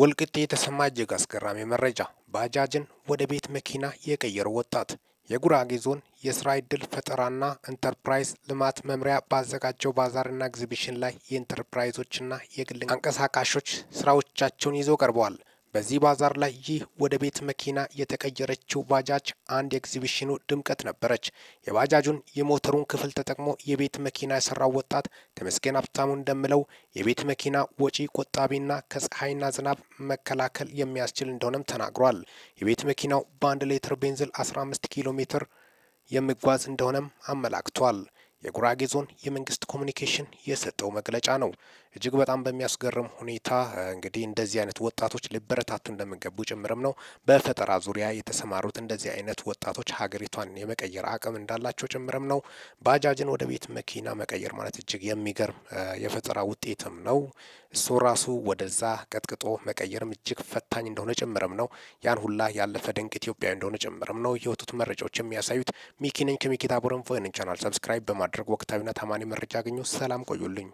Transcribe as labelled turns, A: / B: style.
A: ወልቂጤ የተሰማ እጅግ አስገራሚ መረጃ። ባጃጅን ወደ ቤት መኪና የቀየረው ወጣት። የጉራጌ ዞን የስራ ዕድል ፈጠራና ኢንተርፕራይዝ ልማት መምሪያ ባዘጋጀው ባዛርና ኤግዚቢሽን ላይ የኢንተርፕራይዞችና የግል አንቀሳቃሾች ስራዎቻቸውን ይዘው ቀርበዋል። በዚህ ባዛር ላይ ይህ ወደ ቤት መኪና የተቀየረችው ባጃጅ አንድ የኤግዚቢሽኑ ድምቀት ነበረች። የባጃጁን የሞተሩን ክፍል ተጠቅሞ የቤት መኪና የሰራው ወጣት ተመስገን ሀብታሙ እንደምለው የቤት መኪና ወጪ ቆጣቢና ከፀሐይና ዝናብ መከላከል የሚያስችል እንደሆነም ተናግሯል። የቤት መኪናው በአንድ ሌትር ቤንዝል 15 ኪሎ ሜትር የሚጓዝ እንደሆነም አመላክቷል። የጉራጌ ዞን የመንግስት ኮሚኒኬሽን የሰጠው መግለጫ ነው። እጅግ በጣም በሚያስገርም ሁኔታ እንግዲህ እንደዚህ አይነት ወጣቶች ሊበረታቱ እንደሚገቡ ጭምርም ነው። በፈጠራ ዙሪያ የተሰማሩት እንደዚህ አይነት ወጣቶች ሀገሪቷን የመቀየር አቅም እንዳላቸው ጭምርም ነው። ባጃጅን ወደ ቤት መኪና መቀየር ማለት እጅግ የሚገርም የፈጠራ ውጤትም ነው። እሱ ራሱ ወደዛ ቀጥቅጦ መቀየርም እጅግ ፈታኝ እንደሆነ ጭምርም ነው። ያን ሁላ ያለፈ ድንቅ ኢትዮጵያዊ እንደሆነ ጭምርም ነው የወጡት መረጃዎች የሚያሳዩት። ሚኪነኝ ከሚኪታ ቦረንፎ ቻናል ሰብስክራይብ በማድረግ በማድረግ ወቅታዊና ታማኒ መረጃ አግኙ። ሰላም ቆዩልኝ።